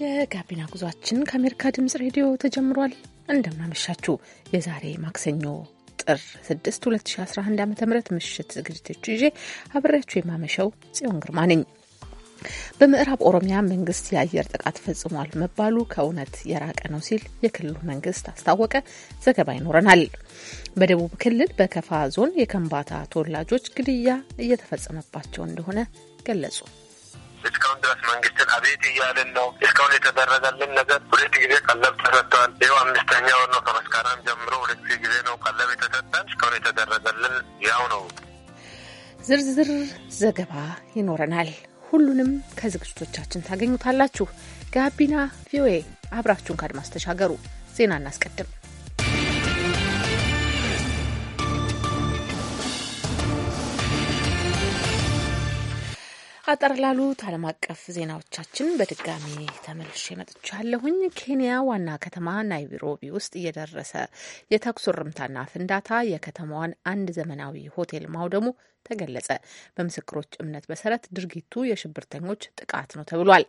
የጋቢና ጉዟችን ከአሜሪካ ድምጽ ሬዲዮ ተጀምሯል። እንደምናመሻችሁ የዛሬ ማክሰኞ ጥር 6 2011 ዓ ም ምሽት ዝግጅቶች ይዤ አብሬያችሁ የማመሸው ጽዮን ግርማ ነኝ። በምዕራብ ኦሮሚያ መንግስት የአየር ጥቃት ፈጽሟል መባሉ ከእውነት የራቀ ነው ሲል የክልሉ መንግስት አስታወቀ። ዘገባ ይኖረናል። በደቡብ ክልል በከፋ ዞን የከንባታ ተወላጆች ግድያ እየተፈጸመባቸው እንደሆነ ገለጹ። እስካሁን ድረስ መንግስትን አቤት እያልን ነው። እስካሁን የተደረገልን ነገር ሁለት ጊዜ ቀለብ ተሰጥተዋል። ይኸው አምስተኛው ነው። ከመስከረም ጀምሮ ሁለት ጊዜ ነው ቀለብ የተሰጠን። እስካሁን የተደረገልን ያው ነው። ዝርዝር ዘገባ ይኖረናል። ሁሉንም ከዝግጅቶቻችን ታገኙታላችሁ። ጋቢና ቪኦኤ አብራችሁን ከአድማስ ተሻገሩ። ዜና እናስቀድም። አጠር ላሉት ዓለም አቀፍ ዜናዎቻችን በድጋሚ ተመልሼ መጥቻለሁኝ። ኬንያ ዋና ከተማ ናይሮቢ ውስጥ እየደረሰ የተኩስ እርምታና ፍንዳታ የከተማዋን አንድ ዘመናዊ ሆቴል ማውደሙ ተገለጸ። በምስክሮች እምነት መሰረት ድርጊቱ የሽብርተኞች ጥቃት ነው ተብሏል።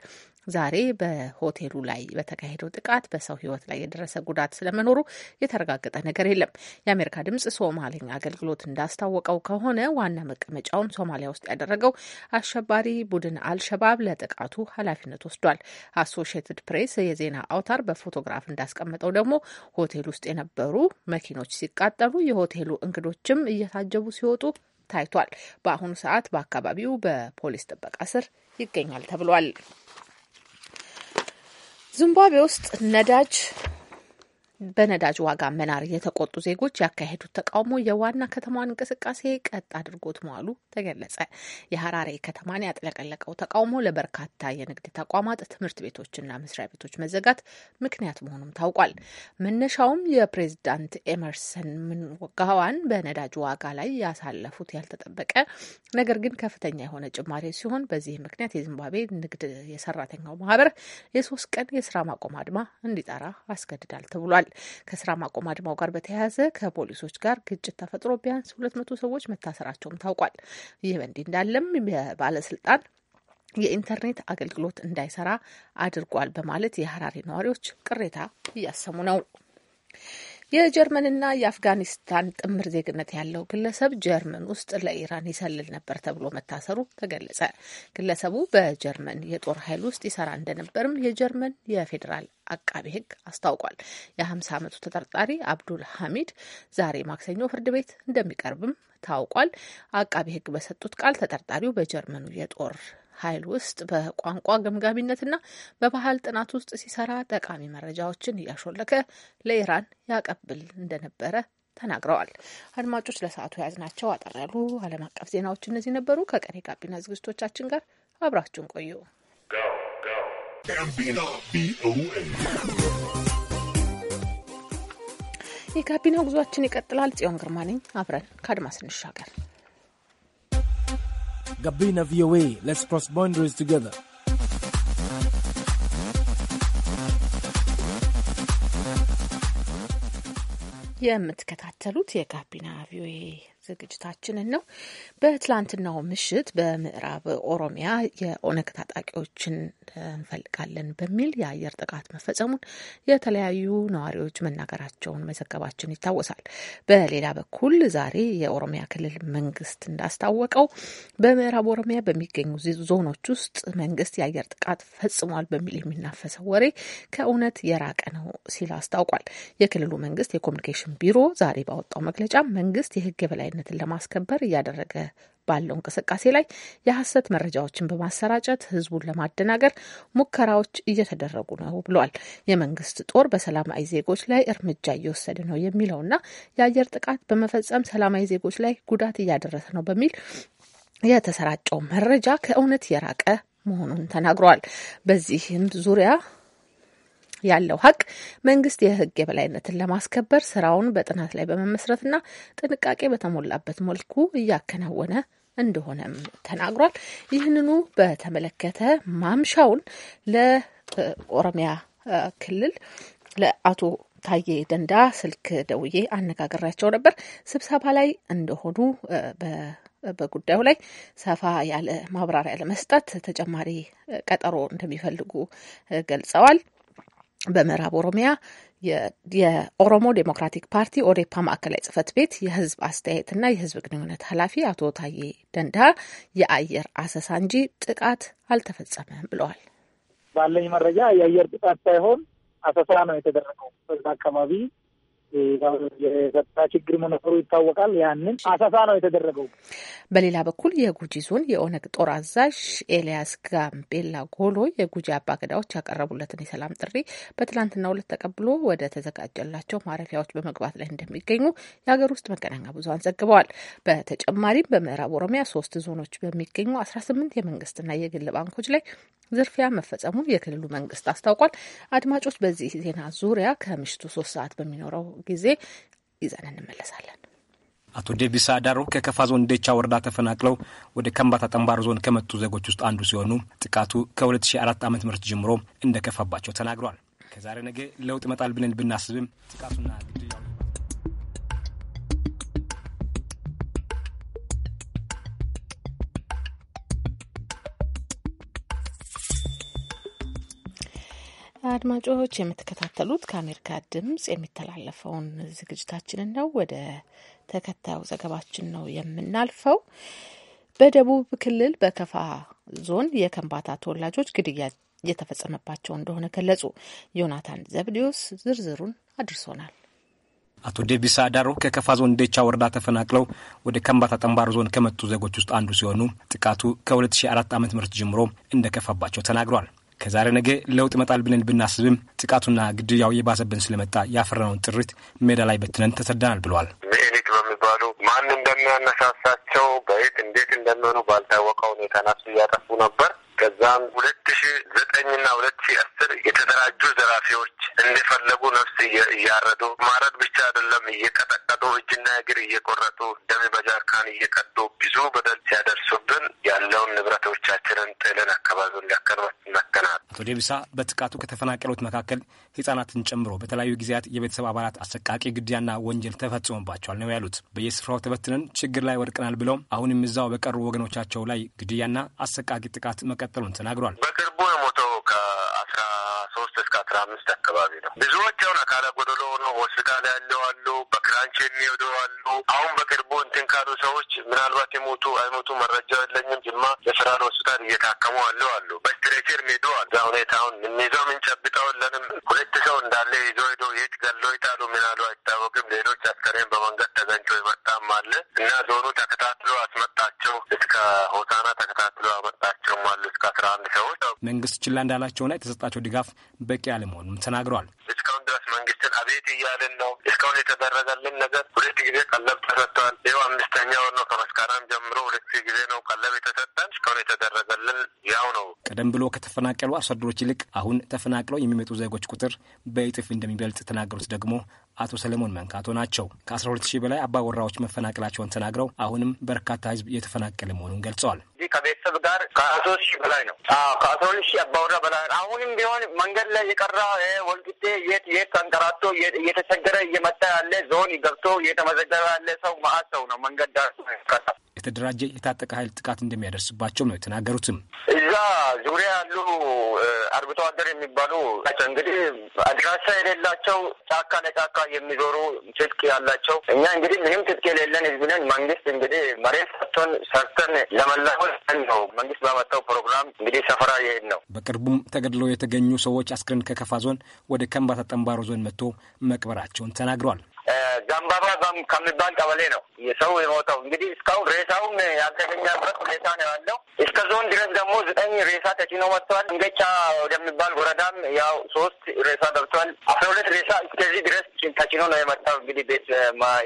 ዛሬ በሆቴሉ ላይ በተካሄደው ጥቃት በሰው ህይወት ላይ የደረሰ ጉዳት ስለመኖሩ የተረጋገጠ ነገር የለም። የአሜሪካ ድምጽ ሶማሌኛ አገልግሎት እንዳስታወቀው ከሆነ ዋና መቀመጫውን ሶማሊያ ውስጥ ያደረገው አሸባሪ ቡድን አልሸባብ ለጥቃቱ ኃላፊነት ወስዷል። አሶሺየትድ ፕሬስ የዜና አውታር በፎቶግራፍ እንዳስቀመጠው ደግሞ ሆቴል ውስጥ የነበሩ መኪኖች ሲቃጠሉ፣ የሆቴሉ እንግዶችም እየታጀቡ ሲወጡ ታይቷል። በአሁኑ ሰዓት በአካባቢው በፖሊስ ጥበቃ ስር ይገኛል ተብሏል። ዚምባብዌ ውስጥ ነዳጅ በነዳጅ ዋጋ መናር የተቆጡ ዜጎች ያካሄዱት ተቃውሞ የዋና ከተማዋን እንቅስቃሴ ቀጥ አድርጎት መዋሉ ተገለጸ። የሀራሬ ከተማን ያጥለቀለቀው ተቃውሞ ለበርካታ የንግድ ተቋማት፣ ትምህርት ቤቶችና መስሪያ ቤቶች መዘጋት ምክንያት መሆኑም ታውቋል። መነሻውም የፕሬዚዳንት ኤመርሰን ምንጋዋን በነዳጅ ዋጋ ላይ ያሳለፉት ያልተጠበቀ ነገር ግን ከፍተኛ የሆነ ጭማሪ ሲሆን በዚህ ምክንያት የዚምባብዌ ንግድ የሰራተኛው ማህበር የሶስት ቀን የስራ ማቆም አድማ እንዲጠራ አስገድዳል ተብሏል። ገልጸዋል። ከስራ ማቆም አድማው ጋር በተያያዘ ከፖሊሶች ጋር ግጭት ተፈጥሮ ቢያንስ ሁለት መቶ ሰዎች መታሰራቸውም ታውቋል። ይህ በእንዲህ እንዳለም የባለስልጣን የኢንተርኔት አገልግሎት እንዳይሰራ አድርጓል በማለት የሀራሪ ነዋሪዎች ቅሬታ እያሰሙ ነው። የጀርመንና የአፍጋኒስታን ጥምር ዜግነት ያለው ግለሰብ ጀርመን ውስጥ ለኢራን ይሰልል ነበር ተብሎ መታሰሩ ተገለጸ። ግለሰቡ በጀርመን የጦር ኃይል ውስጥ ይሰራ እንደነበርም የጀርመን የፌዴራል አቃቤ ሕግ አስታውቋል። የ50 ዓመቱ ተጠርጣሪ አብዱል ሐሚድ ዛሬ ማክሰኞ ፍርድ ቤት እንደሚቀርብም ታውቋል። አቃቤ ሕግ በሰጡት ቃል ተጠርጣሪው በጀርመኑ የጦር ኃይል ውስጥ በቋንቋ ገምጋሚነትና በባህል ጥናት ውስጥ ሲሰራ ጠቃሚ መረጃዎችን እያሾለከ ለኢራን ያቀብል እንደነበረ ተናግረዋል። አድማጮች ለሰዓቱ የያዝናቸው አጠር ያሉ ዓለም አቀፍ ዜናዎች እነዚህ ነበሩ። ከቀሪ ጋቢና ዝግጅቶቻችን ጋር አብራችሁን ቆዩ። የጋቢና ጉዟችን ይቀጥላል። ጽዮን ግርማ ነኝ። አብረን ከአድማስ እንሻገር። Gabina VOA. Let's cross boundaries together. የምትከታተሉት የጋቢና ቪኦኤ ዝግጅታችንን ነው። በትላንትናው ምሽት በምዕራብ ኦሮሚያ የኦነግ ታጣቂዎችን እንፈልጋለን በሚል የአየር ጥቃት መፈጸሙን የተለያዩ ነዋሪዎች መናገራቸውን መዘገባችን ይታወሳል። በሌላ በኩል ዛሬ የኦሮሚያ ክልል መንግስት እንዳስታወቀው በምዕራብ ኦሮሚያ በሚገኙ ዞኖች ውስጥ መንግስት የአየር ጥቃት ፈጽሟል በሚል የሚናፈሰው ወሬ ከእውነት የራቀ ነው ሲል አስታውቋል። የክልሉ መንግስት የኮሚኒኬሽን ቢሮ ዛሬ ባወጣው መግለጫ መንግስት የህግ የበላይ ነጻነትን ለማስከበር እያደረገ ባለው እንቅስቃሴ ላይ የሐሰት መረጃዎችን በማሰራጨት ህዝቡን ለማደናገር ሙከራዎች እየተደረጉ ነው ብሏል። የመንግስት ጦር በሰላማዊ ዜጎች ላይ እርምጃ እየወሰደ ነው የሚለውና የአየር ጥቃት በመፈጸም ሰላማዊ ዜጎች ላይ ጉዳት እያደረሰ ነው በሚል የተሰራጨው መረጃ ከእውነት የራቀ መሆኑን ተናግሯል። በዚህም ዙሪያ ያለው ሀቅ መንግስት የህግ የበላይነትን ለማስከበር ስራውን በጥናት ላይ በመመስረትና ጥንቃቄ በተሞላበት መልኩ እያከናወነ እንደሆነም ተናግሯል። ይህንኑ በተመለከተ ማምሻውን ለኦሮሚያ ክልል ለአቶ ታዬ ደንዳ ስልክ ደውዬ አነጋግሬያቸው ነበር። ስብሰባ ላይ እንደሆኑ በጉዳዩ ላይ ሰፋ ያለ ማብራሪያ ለመስጠት ተጨማሪ ቀጠሮ እንደሚፈልጉ ገልጸዋል። በምዕራብ ኦሮሚያ የኦሮሞ ዴሞክራቲክ ፓርቲ ኦዴፓ ማዕከላዊ ጽህፈት ቤት የህዝብ አስተያየትና የህዝብ ግንኙነት ኃላፊ አቶ ታዬ ደንዳ የአየር አሰሳ እንጂ ጥቃት አልተፈጸመም ብለዋል። ባለኝ መረጃ የአየር ጥቃት ሳይሆን አሰሳ ነው የተደረገው። በዛ አካባቢ የጸጥታ ችግር መኖሩ ይታወቃል። ያንን አሰሳ ነው የተደረገው። በሌላ በኩል የጉጂ ዞን የኦነግ ጦር አዛዥ ኤልያስ ጋምቤላ ጎሎ የጉጂ አባገዳዎች ያቀረቡለትን የሰላም ጥሪ በትላንትናው ዕለት ተቀብሎ ወደ ተዘጋጀላቸው ማረፊያዎች በመግባት ላይ እንደሚገኙ የሀገር ውስጥ መገናኛ ብዙኃን ዘግበዋል። በተጨማሪም በምዕራብ ኦሮሚያ ሶስት ዞኖች በሚገኙ አስራ ስምንት የመንግስትና የግል ባንኮች ላይ ዝርፊያ መፈጸሙን የክልሉ መንግስት አስታውቋል። አድማጮች፣ በዚህ ዜና ዙሪያ ከምሽቱ ሶስት ሰዓት በሚኖረው ጊዜ ይዘን እንመለሳለን። አቶ ዴቢሳ አዳሮ ከከፋ ዞን ደቻ ወረዳ ተፈናቅለው ወደ ከምባታ ጠንባሮ ዞን ከመጡ ዜጎች ውስጥ አንዱ ሲሆኑ ጥቃቱ ከ2004 ዓ.ም ጀምሮ እንደከፋባቸው ተናግሯል። ከዛሬ ነገ ለውጥ ይመጣል ብለን ብናስብም ጥቃቱና አድማጮች የምትከታተሉት ከአሜሪካ ድምጽ የሚተላለፈውን ዝግጅታችንን ነው። ወደ ተከታዩ ዘገባችን ነው የምናልፈው። በደቡብ ክልል በከፋ ዞን የከንባታ ተወላጆች ግድያ እየተፈጸመባቸው እንደሆነ ገለጹ። ዮናታን ዘብዲዮስ ዝርዝሩን አድርሶናል። አቶ ዴቪስ አዳሮ ከከፋ ዞን ደቻ ወረዳ ተፈናቅለው ወደ ከምባታ ጠንባሮ ዞን ከመጡ ዜጎች ውስጥ አንዱ ሲሆኑ ጥቃቱ ከ2004 ዓ.ም ጀምሮ እንደከፋባቸው ተናግሯል። ከዛሬ ነገ ለውጥ ይመጣል ብለን ብናስብም ጥቃቱና ግድያው የባሰብን ስለመጣ ያፈረነውን ጥሪት ሜዳ ላይ በትነን ተሰዳናል ብለዋል። ምኒክ በሚባሉ ማን እንደሚያነሳሳቸው በየት እንዴት እንደሚሆኑ ባልታወቀ ሁኔታ እያጠፉ ነበር። ከዛም ሁለት ሺ ዘጠኝና ሁለት ሺ አስር የተደራጁ ዘራፊዎች እንደፈለጉ ነፍስ እያረዱ ማረድ ብቻ አይደለም እየቀጠቀጡ እጅና እግር እየቆረጡ ደም በጃርካን እየቀጡ ብዙ በደል ሲያደርሱብን ያለውን ንብረቶቻችንን ጥልን አካባቢ ሊያቀርበት መከናል። አቶ በጥቃቱ ከተፈናቀሉት መካከል ህጻናትን ጨምሮ በተለያዩ ጊዜያት የቤተሰብ አባላት አሰቃቂ ግድያና ወንጀል ተፈጽሞባቸዋል ነው ያሉት። በየስፍራው ተበትነን ችግር ላይ ወድቀናል ብለውም አሁንም እዛው በቀሩ ወገኖቻቸው ላይ ግድያና አሰቃቂ ጥቃት መቀ መቀጠሉን ተናግሯል። በቅርቡ የሞተው ከአስራ ሶስት እስከ አስራ አምስት አካባቢ ነው። ብዙዎች አሁን አካለ ጎደሎ ሆስፒታል ያለው አሉ በክራንች የሚሄዱ አሉ። አሁን በቅርቡ እንትን ካሉ ሰዎች ምናልባት የሞቱ አይሞቱ መረጃ የለኝም። ጅማ የፌዴራል ሆስፒታል እየታከሙ አሉ አሉ። በስትሬቸር ሜዶ አሉ። ሁኔታውን የሚይዘው የምንጨብጠው የለንም። ሁለት ሰው እንዳለ ይዞ ሄዶ የት ገሎ ይጣሉ ምናሉ አይታወቅም። ሌሎች አስከሬን በመንገድ ተገኝቶ ይመጣም አለ እና ዞኑ ተከታትሎ አስመጣቸው። እስከ ሆሳና ተከታትሎ አመጣቸውም አሉ እስከ አስራ አንድ ሰዎች። መንግስት ችላ እንዳላቸውና የተሰጣቸው ድጋፍ በቂ አለመሆኑም ተናግረዋል። እስካሁን ድረስ መንግስትን አቤት እያልን ነው። እስካሁን የተደረገልን ነገር ሁለት ጊዜ ጊዜ ቀለብ ተሰጥተዋል። ይኸው አምስተኛው ነው ከመስከረም ጀምሮ ሁለት ጊዜ ነው ቀለብ የተሰጠን። እስካሁን የተደረገልን ያው ነው። ቀደም ብሎ ከተፈናቀሉ አርሶ አደሮች ይልቅ አሁን ተፈናቅለው የሚመጡ ዜጎች ቁጥር በእጥፍ እንደሚበልጥ ተናገሩት ደግሞ አቶ ሰለሞን መንካቶ ናቸው። ከ12 ሺህ በላይ አባወራዎች መፈናቀላቸውን ተናግረው አሁንም በርካታ ህዝብ እየተፈናቀለ መሆኑን ገልጸዋል። ከቤተሰብ ጋር ከአስራ ሺህ በላይ ነው። ከአስራ ሁለት ሺህ አባወራ በላይ አሁንም ቢሆን መንገድ ላይ የቀራ ወልቂጤ የት የት ተንቀራቶ እየተቸገረ እየመጣ ያለ ዞን ገብቶ እየተመዘገበ ያለ ሰው ማአት ሰው ነው መንገድ ዳር የተደራጀ የታጠቀ ኃይል ጥቃት እንደሚያደርስባቸውም ነው የተናገሩትም። እዛ ዙሪያ ያሉ አርብቶ አደር የሚባሉ እንግዲህ አድራሻ የሌላቸው ጫካ ለጫካ የሚዞሩ ትጥቅ ያላቸው እኛ እንግዲህ ምንም ትጥቅ የሌለን ህዝብ ነን። መንግስት እንግዲህ መሬት ሰጥቶን ሰርተን ለመላወል ነው መንግስት ባመጣው ፕሮግራም እንግዲህ ሰፈራ ይሄድ ነው። በቅርቡም ተገድለው የተገኙ ሰዎች አስክሬን ከከፋ ዞን ወደ ከምባታ ጠንባሮ ዞን መጥቶ መቅበራቸውን ተናግረዋል። ዘንባባ ዛም ከሚባል ቀበሌ ነው የሰው የሞተው። እንግዲህ እስካሁን ሬሳውን ያልተገኘበት ሁኔታ ነው ያለው። እስከ ዞን ድረስ ደግሞ ዘጠኝ ሬሳ ተጭኖ መጥተዋል። እንገቻ ወደሚባል ወረዳም ያው ሶስት ሬሳ ገብተዋል። አስራ ሁለት ሬሳ እስከዚህ ድረስ ተጭኖ ነው የመጣው። እንግዲህ ቤት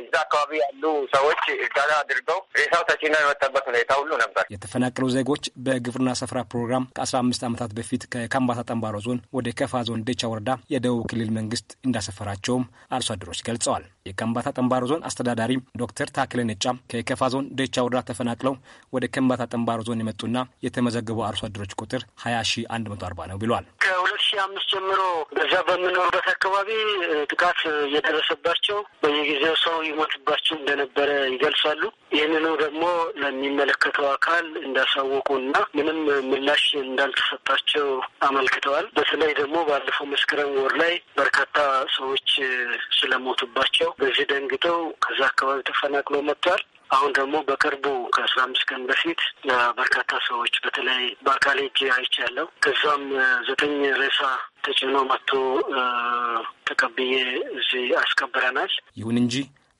እዛ አካባቢ ያሉ ሰዎች እርዳታ አድርገው ሬሳው ተጭኖ የመጣበት ሁኔታ ሁሉ ነበር። የተፈናቀሉ ዜጎች በግብርና ሰፈራ ፕሮግራም ከአስራ አምስት ዓመታት በፊት ከካምባታ ጠንባሮ ዞን ወደ ከፋ ዞን ደቻ ወረዳ የደቡብ ክልል መንግስት እንዳሰፈራቸውም አርሶ አደሮች ገልጸዋል። የከምባታ ጠንባሮ ዞን አስተዳዳሪ ዶክተር ታክለ ነጫ ከከፋ ዞን ደቻ ወረዳ ተፈናቅለው ወደ ከምባታ ጠንባሮ ዞን የመጡና የተመዘገቡ አርሶ አደሮች ቁጥር ሀያ ሺ አንድ መቶ አርባ ነው ብሏል። ከሁለት ሺ አምስት ጀምሮ በዛ በምኖርበት አካባቢ ጥቃት እየደረሰባቸው በየጊዜው ሰው ይሞትባቸው እንደነበረ ይገልጻሉ። ይህንኑ ደግሞ ለሚመለከተው አካል እንዳሳወቁ እና ምንም ምላሽ እንዳልተሰጣቸው አመልክተዋል። በተለይ ደግሞ ባለፈው መስከረም ወር ላይ በርካታ ሰዎች ስለሞቱባቸው ነው። በዚህ ደንግጠው ከዛ አካባቢ ተፈናቅሎ መጥቷል። አሁን ደግሞ በቅርቡ ከአስራ አምስት ቀን በፊት በርካታ ሰዎች በተለይ በአካል ሄጄ አይቻለሁ። ከዛም ዘጠኝ ሬሳ ተጭኖ መጥቶ ተቀብዬ እዚህ አስከብረናል። ይሁን እንጂ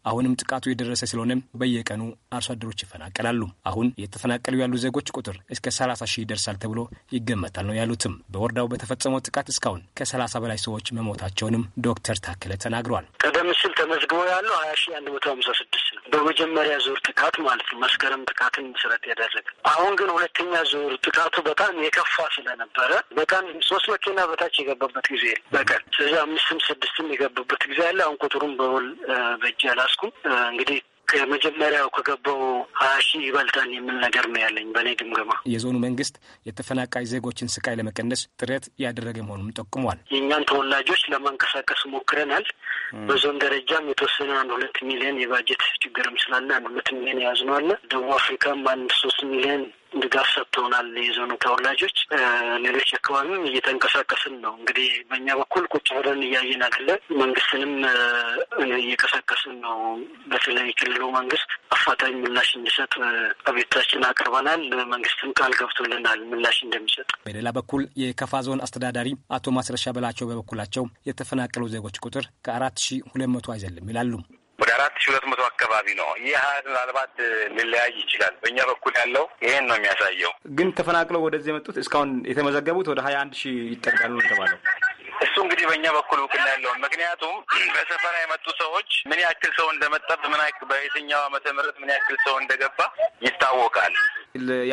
አሁንም ጥቃቱ የደረሰ ስለሆነ በየቀኑ አርሶ አደሮች ይፈናቀላሉ። አሁን የተፈናቀሉ ያሉ ዜጎች ቁጥር እስከ 30 ሺህ ይደርሳል ተብሎ ይገመታል ነው ያሉትም። በወረዳው በተፈጸመው ጥቃት እስካሁን ከ30 በላይ ሰዎች መሞታቸውንም ዶክተር ታክለ ተናግሯል። ቀደም ሲል ተመዝግቦ ያለው 20156 ነው። በመጀመሪያ ዙር ጥቃት ማለት ነው። መስከረም ጥቃትን መሰረት ያደረገ አሁን ግን ሁለተኛ ዙር ጥቃቱ በጣም የከፋ ስለነበረ በጣም ሶስት መኪና በታች የገባበት ጊዜ በቀን ስለዚህ አምስትም ስድስትም የገባበት ጊዜ አለ። አሁን ቁጥሩም በውል በእጅ አልደረስኩም። እንግዲህ ከመጀመሪያው ከገባው ሀያ ሺህ ይበልጣል የሚል ነገር ነው ያለኝ በእኔ ግምገማ። የዞኑ መንግስት የተፈናቃይ ዜጎችን ስቃይ ለመቀነስ ጥረት ያደረገ መሆኑን ጠቁሟል። የእኛን ተወላጆች ለማንቀሳቀስ ሞክረናል። በዞን ደረጃም የተወሰነ አንድ ሁለት ሚሊዮን የባጀት ችግርም ስላለ አንድ ሁለት ሚሊዮን የያዝነው አለ። ደቡብ አፍሪካም አንድ ሶስት ሚሊዮን ድጋፍ ሰጥተውናል የዞኑ ተወላጆች። ሌሎች አካባቢም እየተንቀሳቀስን ነው። እንግዲህ በእኛ በኩል ቁጭ ብለን እያየን አለ። መንግስትንም እየቀሰቀስን ነው። በተለይ ክልሉ መንግስት አፋጣኝ ምላሽ እንዲሰጥ አቤታችን አቅርበናል። መንግስትም ቃል ገብቶልናል ምላሽ እንደሚሰጥ። በሌላ በኩል የከፋ ዞን አስተዳዳሪ አቶ ማስረሻ በላቸው በበኩላቸው የተፈናቀሉ ዜጎች ቁጥር ከአራት ሺ ሁለት መቶ አይዘልም ይላሉ። ከአራት ሺህ ሁለት መቶ አካባቢ ነው። ይህ ሀያት ምናልባት ሊለያይ ይችላል። በእኛ በኩል ያለው ይሄን ነው የሚያሳየው። ግን ተፈናቅለው ወደዚህ የመጡት እስካሁን የተመዘገቡት ወደ ሀያ አንድ ሺህ ይጠጋሉ ነው የተባለው። እሱ እንግዲህ በእኛ በኩል እውቅና ያለውን ምክንያቱም በሰፈራ የመጡ ሰዎች ምን ያክል ሰው እንደመጣ በየትኛው ዓመተ ምህረት ምን ያክል ሰው እንደገባ ይታወቃል።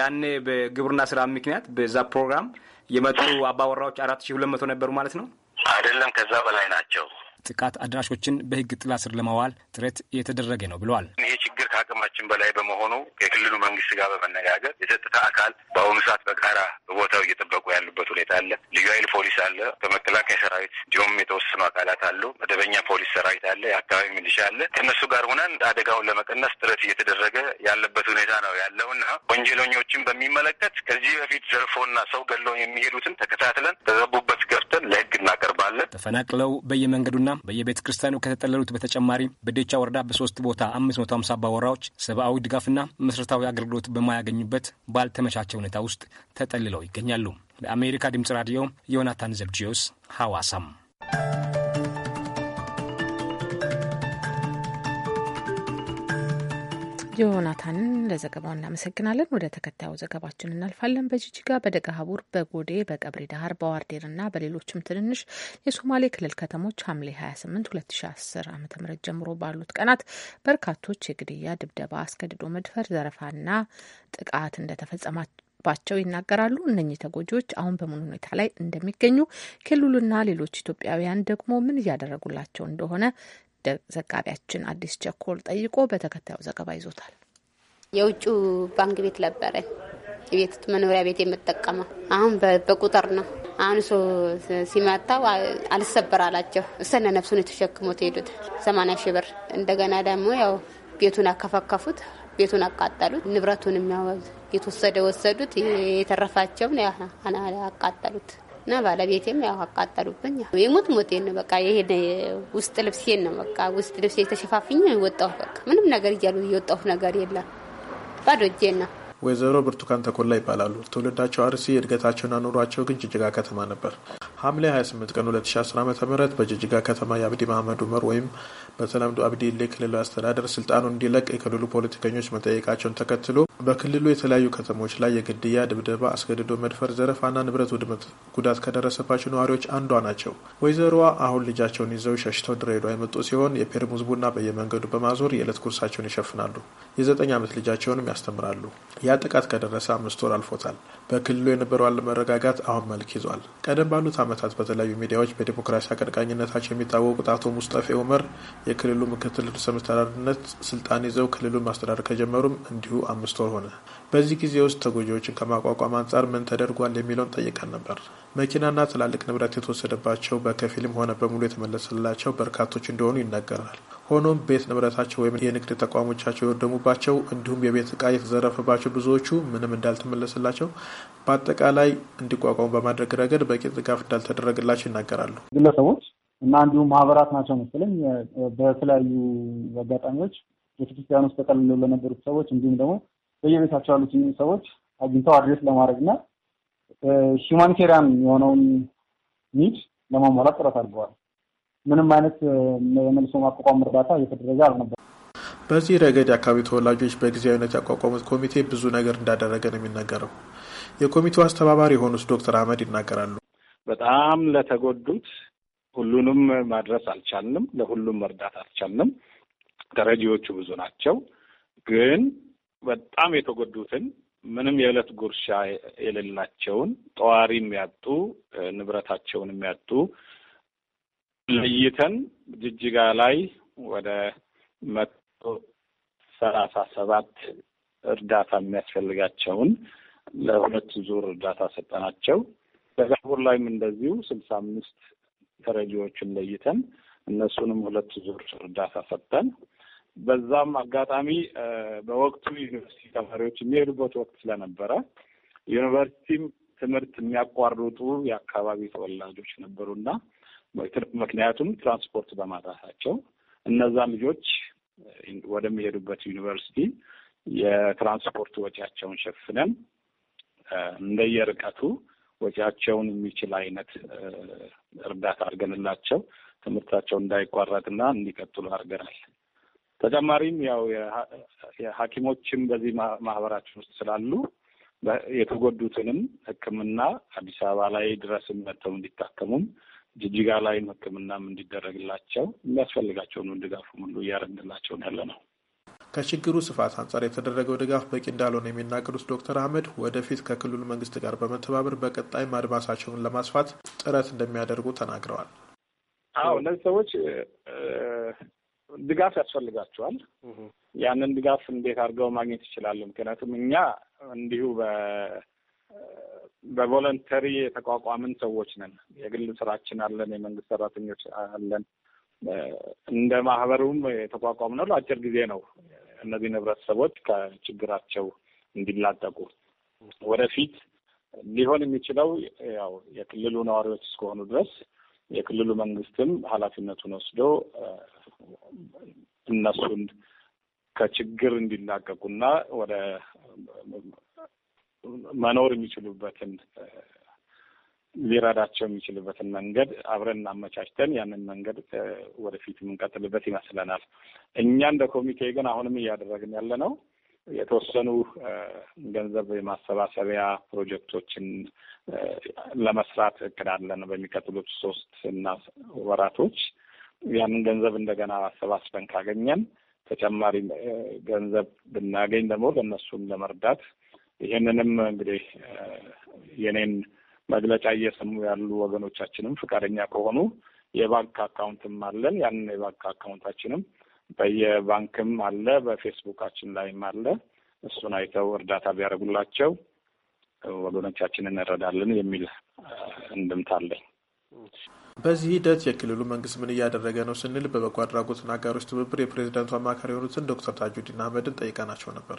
ያኔ በግብርና ስራ ምክንያት በዛ ፕሮግራም የመጡ አባወራዎች አራት ሺህ ሁለት መቶ ነበሩ ማለት ነው አይደለም? ከዛ በላይ ናቸው። ጥቃት አድራሾችን በህግ ጥላ ስር ለማዋል ጥረት እየተደረገ ነው ብለዋል። ከአቅማችን በላይ በመሆኑ ከክልሉ መንግስት ጋር በመነጋገር የጸጥታ አካል በአሁኑ ሰዓት በጋራ በቦታው እየጠበቁ ያሉበት ሁኔታ አለ። ልዩ ኃይል ፖሊስ አለ፣ ከመከላከያ ሰራዊት እንዲሁም የተወሰኑ አካላት አሉ፣ መደበኛ ፖሊስ ሰራዊት አለ፣ የአካባቢ ሚሊሻ አለ። ከእነሱ ጋር ሆነን አደጋውን ለመቀነስ ጥረት እየተደረገ ያለበት ሁኔታ ነው ያለውና ወንጀለኞችን በሚመለከት ከዚህ በፊት ዘርፎና ሰው ገሎ የሚሄዱትን ተከታትለን በገቡበት ገብተን ለህግ እናቀርባለን። ተፈናቅለው በየመንገዱና በየቤተ ክርስቲያኑ ከተጠለሉት በተጨማሪ በዴቻ ወረዳ በሶስት ቦታ አምስት መቶ ሀምሳ አባወራ ስፍራዎች ሰብአዊ ድጋፍና መሠረታዊ አገልግሎት በማያገኙበት ባልተመቻቸ ሁኔታ ውስጥ ተጠልለው ይገኛሉ። ለአሜሪካ ድምፅ ራዲዮ ዮናታን ዘብድዮስ ሐዋሳም ዮናታንን ለዘገባው እናመሰግናለን። ወደ ተከታዩ ዘገባችን እናልፋለን። በጂጂጋ፣ በደጋሀቡር፣ በጎዴ፣ በቀብሪ ዳህር፣ በዋርዴር እና በሌሎችም ትንንሽ የሶማሌ ክልል ከተሞች ሐምሌ 28 2010 ዓ ም ጀምሮ ባሉት ቀናት በርካቶች የግድያ፣ ድብደባ፣ አስገድዶ መድፈር፣ ዘረፋና ጥቃት እንደተፈጸመባቸው ይናገራሉ። እነኚህ ተጎጂዎች አሁን በምን ሁኔታ ላይ እንደሚገኙ ክልሉና ሌሎች ኢትዮጵያውያን ደግሞ ምን እያደረጉላቸው እንደሆነ ዘጋቢያችን አዲስ ቸኮል ጠይቆ በተከታዩ ዘገባ ይዞታል። የውጭ ባንክ ቤት ለበረ ቤት መኖሪያ ቤት የምጠቀመው አሁን በቁጥር ነው። አሁን ሶ ሲመታው አልሰበር አላቸው። እሰነ ነፍሱን የተሸክሞት ሄዱት ሰማንያ ሺህ ብር። እንደገና ደግሞ ያው ቤቱን አከፈከፉት፣ ቤቱን አቃጠሉት። ንብረቱን የሚያወዝ የተወሰደ ወሰዱት፣ የተረፋቸውን አቃጠሉት። እና ባለቤቴም ያው አቃጠሉብኝ። የሞት ሞቴን ነው በቃ ይሄ ውስጥ ልብሴን ነው በቃ ውስጥ ልብሴ ተሸፋፍኝ ወጣሁ። በቃ ምንም ነገር እያሉ እየወጣሁ ነገር የለም ባዶ እጄና። ወይዘሮ ብርቱካን ተኮላ ይባላሉ። ትውልዳቸው አርሲ፣ እድገታቸውና ኑሯቸው ግን ጅጅጋ ከተማ ነበር። ሐምሌ 28 ቀን 2010 ዓ ም በጅጅጋ ከተማ የአብዲ መሐመድ ኡመር ወይም በተለምዶ አብዲሌ ክልሉ አስተዳደር ስልጣኑን እንዲለቅ የክልሉ ፖለቲከኞች መጠየቃቸውን ተከትሎ በክልሉ የተለያዩ ከተሞች ላይ የግድያ፣ ድብደባ፣ አስገድዶ መድፈር፣ ዘረፋና ንብረት ውድመት ጉዳት ከደረሰባቸው ነዋሪዎች አንዷ ናቸው። ወይዘሮዋ አሁን ልጃቸውን ይዘው ሸሽተው ድሬዳዋ የመጡ ሲሆን የፔርሙዝ ቡና በየመንገዱ በማዞር የዕለት ኩርሳቸውን ይሸፍናሉ። የዘጠኝ ዓመት ልጃቸውንም ያስተምራሉ። ያ ጥቃት ከደረሰ አምስት ወር አልፎታል። በክልሉ የነበረው አለመረጋጋት አሁን መልክ ይዟል። ቀደም ባሉት ዓመታት በተለያዩ ሚዲያዎች በዲሞክራሲ አቀንቃኝነታቸው የሚታወቁት አቶ ሙስጠፌ ኡመር የክልሉ ምክትል ርዕሰ መስተዳድርነት ስልጣን ይዘው ክልሉን ማስተዳደር ከጀመሩም እንዲሁ አምስት ወር ሆነ። በዚህ ጊዜ ውስጥ ተጎጂዎችን ከማቋቋም አንጻር ምን ተደርጓል የሚለውን ጠይቀን ነበር። መኪናና ትላልቅ ንብረት የተወሰደባቸው በከፊልም ሆነ በሙሉ የተመለሰላቸው በርካቶች እንደሆኑ ይነገራል። ሆኖም ቤት ንብረታቸው ወይም የንግድ ተቋሞቻቸው የወደሙባቸው እንዲሁም የቤት እቃ የተዘረፈባቸው ብዙዎቹ ምንም እንዳልተመለስላቸው በአጠቃላይ እንዲቋቋሙ በማድረግ ረገድ በቂ ድጋፍ እንዳልተደረገላቸው ይናገራሉ። ግለሰቦች እና እንዲሁም ማህበራት ናቸው መሰለኝ በተለያዩ አጋጣሚዎች ቤተክርስቲያን ውስጥ ተጠልለው ለነበሩት ሰዎች እንዲሁም ደግሞ በየቤታቸው ያሉት ሰዎች አግኝተው አድሬስ ለማድረግ እና ሂማኒቴሪያን የሆነውን ኒድ ለማሟላት ጥረት አድርገዋል። ምንም አይነት የመልሶ ማቋቋም እርዳታ እየተደረገ አልነበር። በዚህ ረገድ የአካባቢ ተወላጆች በጊዜያዊነት ያቋቋሙት ኮሚቴ ብዙ ነገር እንዳደረገ ነው የሚነገረው። የኮሚቴው አስተባባሪ የሆኑት ዶክተር አህመድ ይናገራሉ። በጣም ለተጎዱት ሁሉንም ማድረስ አልቻልንም፣ ለሁሉም መርዳት አልቻልንም። ተረጂዎቹ ብዙ ናቸው። ግን በጣም የተጎዱትን ምንም የዕለት ጉርሻ የሌላቸውን ጠዋሪ የሚያጡ ንብረታቸውን የሚያጡ ለይተን ጅጅጋ ላይ ወደ መቶ ሰላሳ ሰባት እርዳታ የሚያስፈልጋቸውን ለሁለት ዙር እርዳታ ሰጠናቸው። በጋቦር ላይም እንደዚሁ ስልሳ አምስት ተረጂዎችን ለይተን እነሱንም ሁለት ዙር እርዳታ ሰጠን። በዛም አጋጣሚ በወቅቱ ዩኒቨርሲቲ ተማሪዎች የሚሄዱበት ወቅት ስለነበረ ዩኒቨርሲቲም ትምህርት የሚያቋርጡ የአካባቢ ተወላጆች ነበሩና ምክንያቱም ትራንስፖርት በማጣታቸው እነዛም ልጆች ወደሚሄዱበት ዩኒቨርሲቲ የትራንስፖርት ወጪያቸውን ሸፍነን እንደየርቀቱ ወጪያቸውን የሚችል አይነት እርዳታ አድርገንላቸው ትምህርታቸው እንዳይቋረጥና እንዲቀጥሉ አድርገናል። ተጨማሪም ያው የሐኪሞችም በዚህ ማህበራችን ውስጥ ስላሉ የተጎዱትንም ሕክምና አዲስ አበባ ላይ ድረስም መጥተው እንዲታከሙም ጅጅጋ ላይ ሕክምናም እንዲደረግላቸው የሚያስፈልጋቸውን ድጋፍ ሁሉ እያደረግንላቸውን ያለ ነው። ከችግሩ ስፋት አንጻር የተደረገው ድጋፍ በቂ እንዳልሆነ የሚናገሩት ዶክተር አህመድ ወደፊት ከክልሉ መንግስት ጋር በመተባበር በቀጣይ አድማሳቸውን ለማስፋት ጥረት እንደሚያደርጉ ተናግረዋል። አዎ እነዚህ ሰዎች ድጋፍ ያስፈልጋቸዋል። ያንን ድጋፍ እንዴት አድርገው ማግኘት ይችላሉ? ምክንያቱም እኛ እንዲሁ በቮለንተሪ የተቋቋምን ሰዎች ነን። የግል ስራችን አለን፣ የመንግስት ሰራተኞች አለን። እንደ ማህበሩም የተቋቋም ነው ለአጭር ጊዜ ነው። እነዚህን ህብረተሰቦች ከችግራቸው እንዲላጠቁ ወደፊት ሊሆን የሚችለው ያው የክልሉ ነዋሪዎች እስከሆኑ ድረስ የክልሉ መንግስትም ኃላፊነቱን ወስዶ እነሱን ከችግር እንዲላቀቁና ወደ መኖር የሚችሉበትን ሊረዳቸው የሚችልበትን መንገድ አብረን አመቻችተን ያንን መንገድ ወደፊት የምንቀጥልበት ይመስለናል። እኛ እንደ ኮሚቴ ግን አሁንም እያደረግን ያለ ነው የተወሰኑ ገንዘብ የማሰባሰቢያ ፕሮጀክቶችን ለመስራት እቅድ አለን። በሚቀጥሉት ሶስት እና ወራቶች ያንን ገንዘብ እንደገና አሰባስበን ካገኘን ተጨማሪ ገንዘብ ብናገኝ ደግሞ ለእነሱም ለመርዳት ይህንንም እንግዲህ የኔን መግለጫ እየሰሙ ያሉ ወገኖቻችንም ፈቃደኛ ከሆኑ የባንክ አካውንትም አለን። ያንን የባንክ አካውንታችንም በየባንክም አለ፣ በፌስቡካችን ላይም አለ። እሱን አይተው እርዳታ ቢያደርጉላቸው ወገኖቻችንን እንረዳለን የሚል እንድምታ አለኝ። በዚህ ሂደት የክልሉ መንግስት ምን እያደረገ ነው ስንል በበጎ አድራጎትና አጋሮች ትብብር የፕሬዚዳንቱ አማካሪ የሆኑትን ዶክተር ታጁዲን አህመድን ጠይቀናቸው ነበር።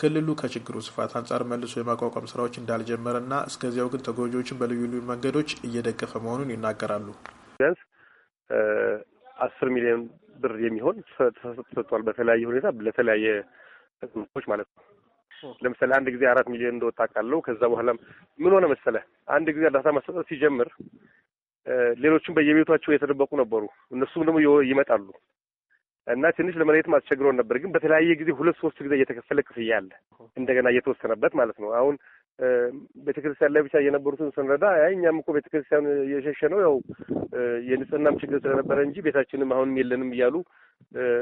ክልሉ ከችግሩ ስፋት አንጻር መልሶ የማቋቋም ስራዎች እንዳልጀመረና እስከዚያው ግን ተጎጂዎችን በልዩ ልዩ መንገዶች እየደገፈ መሆኑን ይናገራሉ። ቢያንስ አስር ሚሊዮን ብር የሚሆን ተሰጥቷል። በተለያየ ሁኔታ ለተለያየ ህዝቦች ማለት ነው። ለምሳሌ አንድ ጊዜ አራት ሚሊዮን እንደወጣ ቃለው ከዛ በኋላም ምን ሆነ መሰለ አንድ ጊዜ እርዳታ ማሰጠት ሲጀምር ሌሎቹም በየቤቷቸው የተደበቁ ነበሩ። እነሱም ደግሞ ይመጣሉ። እና ትንሽ ለመለየትም አስቸግሮን ነበር። ግን በተለያየ ጊዜ ሁለት ሶስት ጊዜ እየተከፈለ ክፍያ አለ እንደገና እየተወሰነበት ማለት ነው። አሁን ቤተክርስቲያን ላይ ብቻ የነበሩትን ስንረዳ ያ እኛም እኮ ቤተክርስቲያን እየሸሸ ነው ያው የንጽህናም ችግር ስለነበረ እንጂ ቤታችንም አሁንም የለንም እያሉ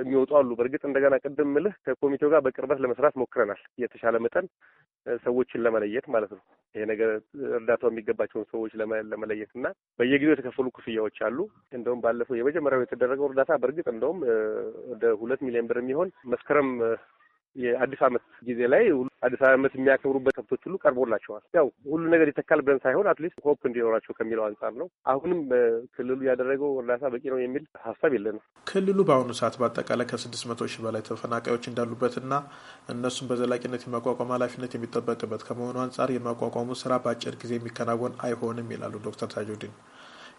የሚወጡ አሉ። በእርግጥ እንደገና ቅድም ምልህ ከኮሚቴው ጋር በቅርበት ለመስራት ሞክረናል። የተሻለ መጠን ሰዎችን ለመለየት ማለት ነው። ይሄ ነገር እርዳታው የሚገባቸውን ሰዎች ለመለየት እና በየጊዜው የተከፈሉ ክፍያዎች አሉ። እንደውም ባለፈው የመጀመሪያው የተደረገው እርዳታ በእርግጥ እንደውም ወደ ሁለት ሚሊዮን ብር የሚሆን መስከረም የአዲስ ዓመት ጊዜ ላይ አዲስ ዓመት የሚያከብሩበት ከብቶች ሁሉ ቀርቦላቸዋል። ያው ሁሉ ነገር ይተካል ብለን ሳይሆን አትሊስት ሆፕ እንዲኖራቸው ከሚለው አንጻር ነው። አሁንም ክልሉ ያደረገው እርዳታ በቂ ነው የሚል ሀሳብ የለንም። ክልሉ በአሁኑ ሰዓት በአጠቃላይ ከስድስት መቶ ሺህ በላይ ተፈናቃዮች እንዳሉበትና እነሱም በዘላቂነት የማቋቋም ኃላፊነት የሚጠበቅበት ከመሆኑ አንጻር የማቋቋሙ ስራ በአጭር ጊዜ የሚከናወን አይሆንም ይላሉ ዶክተር ታጆዲን።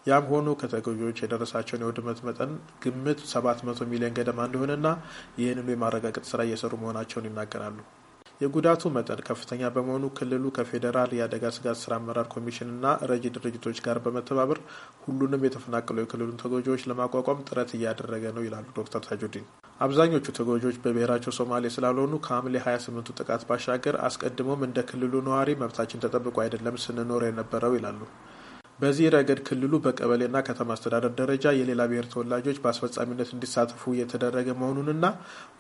ያም ሆኖ ከተጎጂዎች የደረሳቸውን የውድመት መጠን ግምት 700 ሚሊዮን ገደማ እንደሆነና ይህንም የማረጋገጥ ስራ እየሰሩ መሆናቸውን ይናገራሉ። የጉዳቱ መጠን ከፍተኛ በመሆኑ ክልሉ ከፌዴራል የአደጋ ስጋት ስራ አመራር ኮሚሽንና ረጂ ድርጅቶች ጋር በመተባበር ሁሉንም የተፈናቀሉ የክልሉን ተጎጂዎች ለማቋቋም ጥረት እያደረገ ነው ይላሉ ዶክተር ታጁዲን። አብዛኞቹ ተጎጂዎች በብሔራቸው ሶማሌ ስላልሆኑ ከሐምሌ 28ቱ ጥቃት ባሻገር አስቀድሞም እንደ ክልሉ ነዋሪ መብታችን ተጠብቆ አይደለም ስንኖር የነበረው ይላሉ። በዚህ ረገድ ክልሉ በቀበሌና ከተማ አስተዳደር ደረጃ የሌላ ብሔር ተወላጆች በአስፈጻሚነት እንዲሳተፉ እየተደረገ መሆኑንና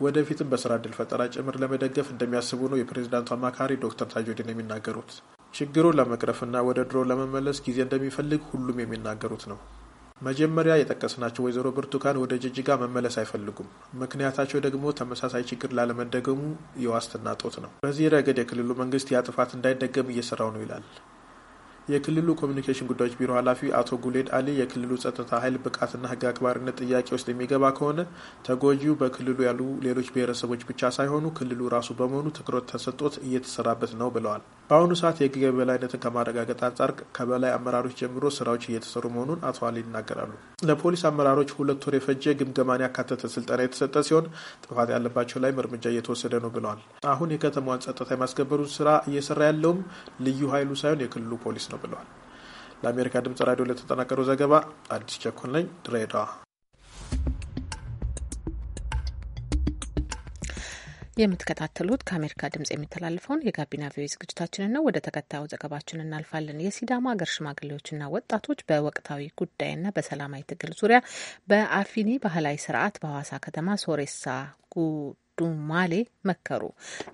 ወደፊትም በስራ እድል ፈጠራ ጭምር ለመደገፍ እንደሚያስቡ ነው የፕሬዚዳንቱ አማካሪ ዶክተር ታጆዲን የሚናገሩት። ችግሩን ለመቅረፍና ወደ ድሮ ለመመለስ ጊዜ እንደሚፈልግ ሁሉም የሚናገሩት ነው። መጀመሪያ የጠቀስናቸው ወይዘሮ ብርቱካን ወደ ጅጅጋ መመለስ አይፈልጉም። ምክንያታቸው ደግሞ ተመሳሳይ ችግር ላለመደገሙ የዋስትና ጦት ነው። በዚህ ረገድ የክልሉ መንግስት ያ ጥፋት እንዳይደገም እየሰራው ነው ይላል። የክልሉ ኮሚኒኬሽን ጉዳዮች ቢሮ ኃላፊ አቶ ጉሌድ አሊ የክልሉ ጸጥታ ኃይል ብቃትና ሕግ አክባሪነት ጥያቄ ውስጥ የሚገባ ከሆነ ተጎጂው በክልሉ ያሉ ሌሎች ብሔረሰቦች ብቻ ሳይሆኑ ክልሉ ራሱ በመሆኑ ትኩረት ተሰጥቶት እየተሰራበት ነው ብለዋል። በአሁኑ ሰዓት የሕግ የበላይነትን ከማረጋገጥ አንጻር ከበላይ አመራሮች ጀምሮ ስራዎች እየተሰሩ መሆኑን አቶ አሊ ይናገራሉ። ለፖሊስ አመራሮች ሁለት ወር የፈጀ ግምገማን ያካተተ ስልጠና የተሰጠ ሲሆን ጥፋት ያለባቸው ላይም እርምጃ እየተወሰደ ነው ብለዋል። አሁን የከተማዋን ጸጥታ የማስከበሩን ስራ እየሰራ ያለውም ልዩ ኃይሉ ሳይሆን የክልሉ ፖሊስ ነው። ነው ብለዋል። ለአሜሪካ ድምጽ ራዲዮ ለተጠናቀረው ዘገባ አዲስ ቸኮል ነኝ ድሬዳዋ። የምትከታተሉት ከአሜሪካ ድምጽ የሚተላለፈውን የጋቢና ቪኦኤ ዝግጅታችንን ነው። ወደ ተከታዩ ዘገባችን እናልፋለን። የሲዳማ ሀገር ሽማግሌዎችና ወጣቶች በወቅታዊ ጉዳይና በሰላማዊ ትግል ዙሪያ በአፊኒ ባህላዊ ስርዓት በሐዋሳ ከተማ ሶሬሳ ዱማሌ መከሩ።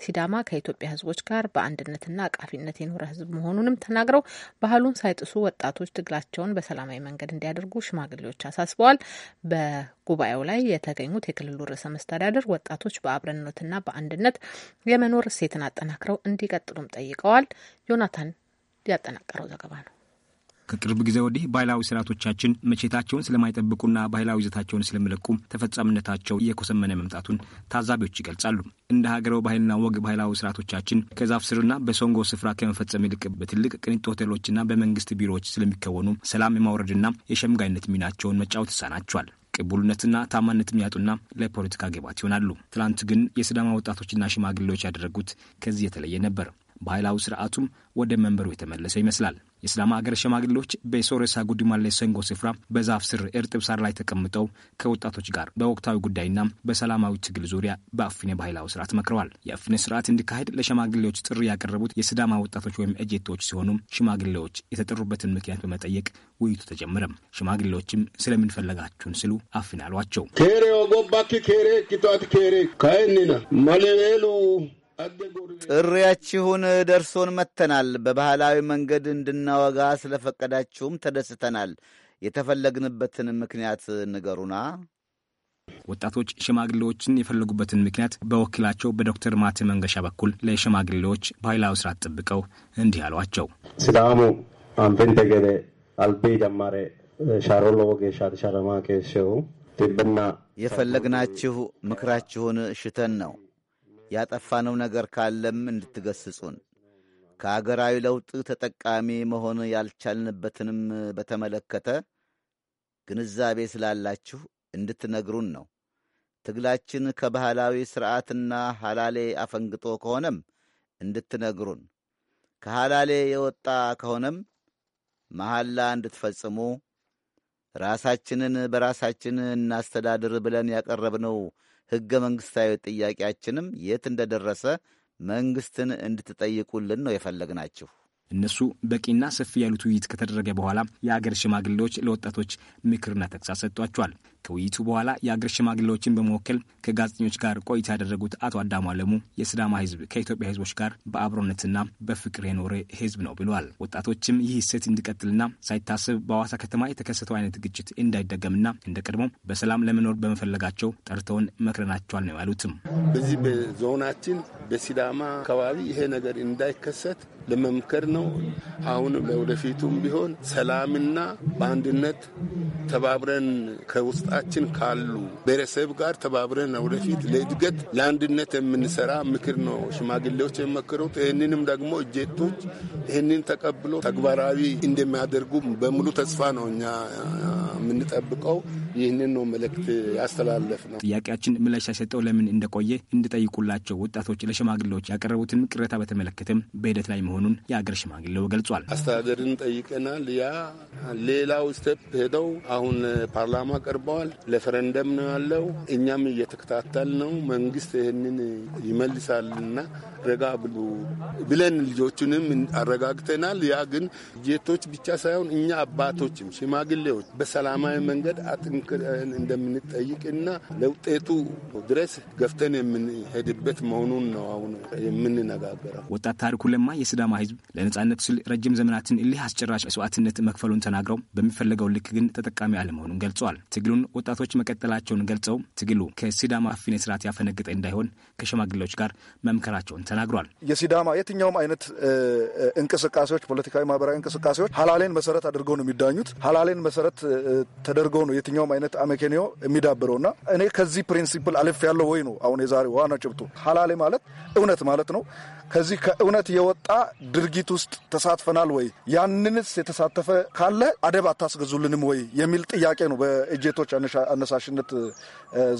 ሲዳማ ከኢትዮጵያ ሕዝቦች ጋር በአንድነትና አቃፊነት የኖረ ሕዝብ መሆኑንም ተናግረው ባህሉን ሳይጥሱ ወጣቶች ትግላቸውን በሰላማዊ መንገድ እንዲያደርጉ ሽማግሌዎች አሳስበዋል። በጉባኤው ላይ የተገኙት የክልሉ ርዕሰ መስተዳደር ወጣቶች በአብረነትና በአንድነት የመኖር እሴትን አጠናክረው እንዲቀጥሉም ጠይቀዋል። ዮናታን ያጠናቀረው ዘገባ ነው። ከቅርብ ጊዜ ወዲህ ባህላዊ ስርዓቶቻችን መቼታቸውን ስለማይጠብቁና ባህላዊ ይዘታቸውን ስለሚለቁ ተፈጻሚነታቸው እየኮሰመነ መምጣቱን ታዛቢዎች ይገልጻሉ። እንደ ሀገራዊ ባህልና ወግ ባህላዊ ስርዓቶቻችን ከዛፍ ስርና በሶንጎ ስፍራ ከመፈጸም ይልቅ በትልቅ ቅንጡ ሆቴሎችና በመንግስት ቢሮዎች ስለሚከወኑ ሰላም የማውረድና የሸምጋይነት ሚናቸውን መጫወት ይሳናቸዋል። ቅቡልነትና ታማነት የሚያጡና ለፖለቲካ ገባት ይሆናሉ። ትናንት ግን የስዳማ ወጣቶችና ሽማግሌዎች ያደረጉት ከዚህ የተለየ ነበር። ባህላዊ ስርዓቱም ወደ መንበሩ የተመለሰ ይመስላል። የስዳማ ሀገር ሽማግሌዎች በሶሬሳ ጉዲማሌ ሰንጎ ስፍራ በዛፍ ስር እርጥብ ሳር ላይ ተቀምጠው ከወጣቶች ጋር በወቅታዊ ጉዳይና በሰላማዊ ትግል ዙሪያ በአፍኔ ባህላዊ ስርዓት መክረዋል። የአፍኔ ስርዓት እንዲካሄድ ለሽማግሌዎች ጥሪ ያቀረቡት የስዳማ ወጣቶች ወይም እጀቶች ሲሆኑ ሽማግሌዎች የተጠሩበትን ምክንያት በመጠየቅ ውይይቱ ተጀመረም። ሽማግሌዎችም ስለምንፈለጋችሁን ስሉ አፍኔ አሏቸው። ኬሬ ኦጎባኪ ኬሬ ኪቷት ኬሬ ካይኒና ማሌሉ ጥሪያችሁን ደርሶን መጥተናል። በባህላዊ መንገድ እንድናወጋ ስለፈቀዳችሁም ተደስተናል። የተፈለግንበትን ምክንያት ንገሩና ወጣቶች ሽማግሌዎችን የፈለጉበትን ምክንያት በወኪላቸው በዶክተር ማቴ መንገሻ በኩል ለሽማግሌዎች ባህላዊ ስርዓት ጠብቀው እንዲህ አሏቸው። ሲዳሙ አንፔን አልቤ ደማሬ ሻሮሎ ወጌሻ ሻረማ ቄሴው የፈለግናችሁ ምክራችሁን ሽተን ነው ያጠፋነው ነገር ካለም እንድትገስጹን ከአገራዊ ለውጥ ተጠቃሚ መሆን ያልቻልንበትንም በተመለከተ ግንዛቤ ስላላችሁ እንድትነግሩን ነው። ትግላችን ከባህላዊ ሥርዓትና ሐላሌ አፈንግጦ ከሆነም እንድትነግሩን፣ ከሐላሌ የወጣ ከሆነም መሐላ እንድትፈጽሙ ራሳችንን በራሳችን እናስተዳድር ብለን ያቀረብነው ሕገ መንግሥታዊ ጥያቄያችንም የት እንደደረሰ መንግሥትን እንድትጠይቁልን ነው የፈለግናችሁ። እነሱ በቂና ሰፊ ያሉት ውይይት ከተደረገ በኋላ የአገር ሽማግሌዎች ለወጣቶች ምክርና ተግሳጽ ሰጥቷቸዋል። ከውይይቱ በኋላ የአገር ሽማግሌዎችን በመወከል ከጋዜጠኞች ጋር ቆይታ ያደረጉት አቶ አዳሙ አለሙ የስዳማ ህዝብ ከኢትዮጵያ ህዝቦች ጋር በአብሮነትና በፍቅር የኖረ ህዝብ ነው ብለዋል። ወጣቶችም ይህ እሴት እንዲቀጥልና ሳይታሰብ በሐዋሳ ከተማ የተከሰተው አይነት ግጭት እንዳይደገምና እንደ ቀድሞ በሰላም ለመኖር በመፈለጋቸው ጠርተውን መክረናቸዋል ነው ያሉትም። በዚህ በዞናችን በሲዳማ አካባቢ ይሄ ነገር እንዳይከሰት ለመምከር ነው። አሁን ለወደፊቱም ቢሆን ሰላምና በአንድነት ተባብረን ከውስጣችን ካሉ ብሔረሰብ ጋር ተባብረን ወደፊት ለእድገት ለአንድነት የምንሰራ ምክር ነው ሽማግሌዎች የመክሩት። ይህንንም ደግሞ እጀቶች ይህንን ተቀብሎ ተግባራዊ እንደሚያደርጉ በሙሉ ተስፋ ነው እኛ የምንጠብቀው። ይህንን ነው መልእክት ያስተላለፍ ነው። ጥያቄያችን ምላሽ ያሰጠው ለምን እንደቆየ እንድጠይቁላቸው ወጣቶች ለሽማግሌዎች ያቀረቡትን ቅሬታ በተመለከተም በሂደት ላይ መሆኑ መሆኑን የአገር ሽማግሌው ገልጿል። አስተዳደርን ጠይቀናል። ያ ሌላው ስቴፕ ሄደው አሁን ፓርላማ ቀርበዋል። ለፈረንደም ነው ያለው። እኛም እየተከታተል ነው። መንግስት ይህንን ይመልሳልና ረጋ ብሉ ብለን ልጆቹንም አረጋግተናል። ያ ግን ጄቶች ብቻ ሳይሆን እኛ አባቶችም ሽማግሌዎች በሰላማዊ መንገድ አጥንቅን እንደምንጠይቅና ለውጤቱ ድረስ ገፍተን የምንሄድበት መሆኑን ነው አሁን የምንነጋገረው። ወጣት ታሪኩ ለማ የስዳ የሲዳማ ህዝብ ለነጻነት ስል ረጅም ዘመናትን እልህ አስጨራሽ መስዋዕትነት መክፈሉን ተናግረው በሚፈለገው ልክ ግን ተጠቃሚ አለመሆኑን ገልጸዋል። ትግሉን ወጣቶች መቀጠላቸውን ገልጸው ትግሉ ከሲዳማ አፍኔ ስርዓት ያፈነገጠ እንዳይሆን ከሽማግሌዎች ጋር መምከራቸውን ተናግሯል። የሲዳማ የትኛውም አይነት እንቅስቃሴዎች፣ ፖለቲካዊ፣ ማህበራዊ እንቅስቃሴዎች ሀላሌን መሰረት አድርገው ነው የሚዳኙት። ሀላሌን መሰረት ተደርገው ነው የትኛውም አይነት አመኬንዮ የሚዳብረውና እኔ ከዚህ ፕሪንሲፕል አልፍ ያለው ወይ ነው አሁን የዛሬ ዋና ጭብጡ ሀላሌ ማለት እውነት ማለት ነው። ከዚህ ከእውነት የወጣ ድርጊት ውስጥ ተሳትፈናል ወይ? ያንንስ የተሳተፈ ካለ አደብ አታስገዙልንም ወይ የሚል ጥያቄ ነው በእጀቶች አነሳሽነት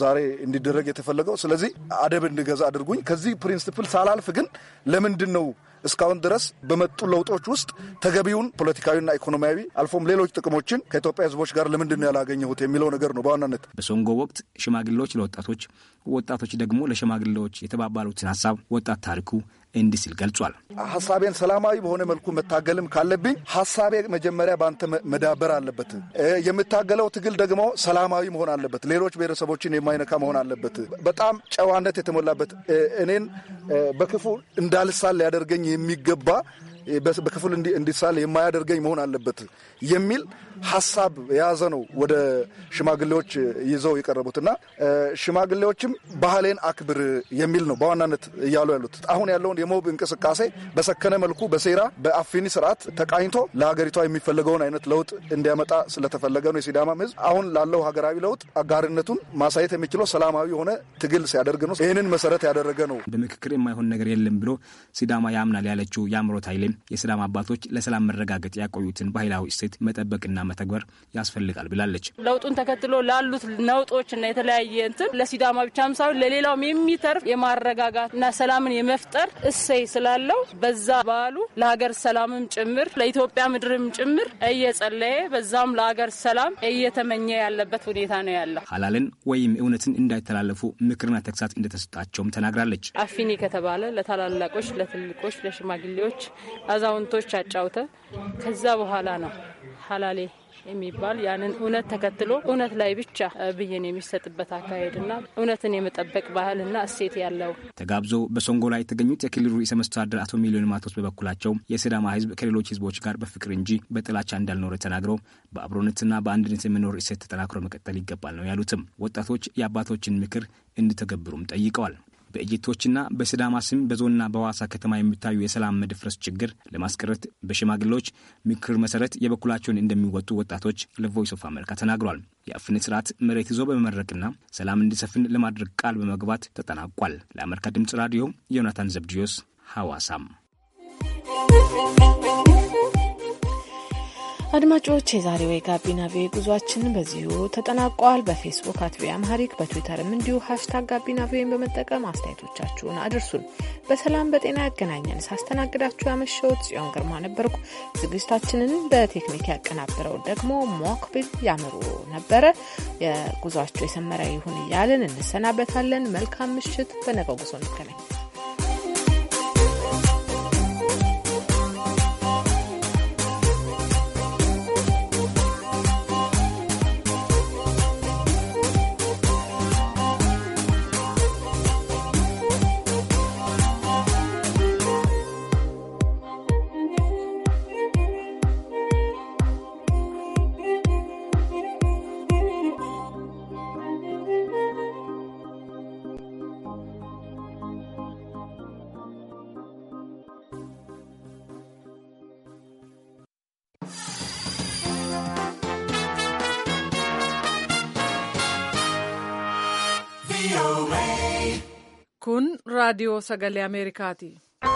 ዛሬ እንዲደረግ የተፈለገው። ስለዚህ አደብ እንድገዛ አድርጉኝ። ከዚህ ፕሪንስፕል ሳላልፍ ግን ለምንድን ነው እስካሁን ድረስ በመጡ ለውጦች ውስጥ ተገቢውን ፖለቲካዊና ኢኮኖሚያዊ አልፎም ሌሎች ጥቅሞችን ከኢትዮጵያ ሕዝቦች ጋር ለምንድን ነው ያላገኘሁት የሚለው ነገር ነው በዋናነት። በሶንጎ ወቅት ሽማግሌዎች ለወጣቶች፣ ወጣቶች ደግሞ ለሽማግሌዎች የተባባሉትን ሀሳብ ወጣት ታሪኩ እንዲህ ሲል ገልጿል። ሀሳቤን ሰላማዊ በሆነ መልኩ መታገልም ካለብኝ ሀሳቤ መጀመሪያ በአንተ መዳበር አለበት። የምታገለው ትግል ደግሞ ሰላማዊ መሆን አለበት። ሌሎች ብሔረሰቦችን የማይነካ መሆን አለበት። በጣም ጨዋነት የተሞላበት እኔን በክፉ እንዳልሳል ሊያደርገኝ የሚገባ በክፍል እንዲሳል የማያደርገኝ መሆን አለበት የሚል ሀሳብ የያዘ ነው ወደ ሽማግሌዎች ይዘው የቀረቡትና ሽማግሌዎችም ባህሌን አክብር የሚል ነው በዋናነት እያሉ ያሉት። አሁን ያለውን የሞብ እንቅስቃሴ በሰከነ መልኩ በሴራ በአፊኒ ስርዓት ተቃኝቶ ለሀገሪቷ የሚፈለገውን አይነት ለውጥ እንዲያመጣ ስለተፈለገ ነው። የሲዳማም ህዝብ አሁን ላለው ሀገራዊ ለውጥ አጋርነቱን ማሳየት የሚችለው ሰላማዊ የሆነ ትግል ሲያደርግ ነው። ይህንን መሰረት ያደረገ ነው። በምክክር የማይሆን ነገር የለም ብሎ ሲዳማ ያምናል ያለችው የአምሮት ኃይሌም የሲዳማ አባቶች ለሰላም መረጋገጥ ያቆዩትን ባህላዊ እሴት መጠበቅና መተግበር ያስፈልጋል ብላለች። ለውጡን ተከትሎ ላሉት እና የተለያየ እንትን ለሲዳማ ብቻም ሳይሆን ለሌላውም የሚተርፍ የማረጋጋት እና ሰላምን የመፍጠር እሰይ ስላለው በዛ በዓሉ ለሀገር ሰላምም ጭምር ለኢትዮጵያ ምድርም ጭምር እየጸለየ በዛም ለሀገር ሰላም እየተመኘ ያለበት ሁኔታ ነው ያለው። ሀላልን ወይም እውነትን እንዳይተላለፉ ምክርና ተግሳት እንደተሰጣቸውም ተናግራለች። አፊኒ ከተባለ ለታላላቆች፣ ለትልቆች፣ ለሽማግሌዎች፣ አዛውንቶች አጫውተ ከዛ በኋላ ነው ሀላሌ የሚባል ያንን እውነት ተከትሎ እውነት ላይ ብቻ ብይን የሚሰጥበት አካሄድና እውነትን የመጠበቅ ባህልና እሴት ያለው ተጋብዞ በሶንጎ ላይ የተገኙት የክልሉ ርዕሰ መስተዳድር አቶ ሚሊዮን ማቶስ በበኩላቸው የሲዳማ ህዝብ ከሌሎች ህዝቦች ጋር በፍቅር እንጂ በጥላቻ እንዳልኖረ ተናግረው በአብሮነትና በአንድነት የሚኖር እሴት ተጠናክሮ መቀጠል ይገባል ነው ያሉትም። ወጣቶች የአባቶችን ምክር እንዲተገብሩም ጠይቀዋል። በእጅቶችና በስዳማ ስም በዞንና በዋሳ ከተማ የሚታዩ የሰላም መደፍረስ ችግር ለማስቀረት በሽማግሌዎች ምክር መሰረት የበኩላቸውን እንደሚወጡ ወጣቶች ለቮይስ ኦፍ አሜሪካ ተናግሯል። የአፍነት ስርዓት መሬት ይዞ በመመረቅና ሰላም እንዲሰፍን ለማድረግ ቃል በመግባት ተጠናቋል። ለአሜሪካ ድምፅ ራዲዮ ዮናታን ዘብድዮስ ሐዋሳም አድማጮች የዛሬው የጋቢና ቪ ጉዟችን በዚሁ ተጠናቋል። በፌስቡክ አት ቪ አምሃሪክ በትዊተርም እንዲሁ ሀሽታግ ጋቢና ቪን በመጠቀም አስተያየቶቻችሁን አድርሱን። በሰላም በጤና ያገናኘን። ሳስተናግዳችሁ ያመሸውት ጽዮን ግርማ ነበርኩ። ዝግጅታችንን በቴክኒክ ያቀናበረው ደግሞ ሞክቢል ያምሩ ነበረ። የጉዟችሁ የሰመረ ይሁን እያልን እንሰናበታለን። መልካም ምሽት። በነገው ጉዞ እንገናኝ። راډیو څخه له امریکا دي.